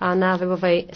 a na webovej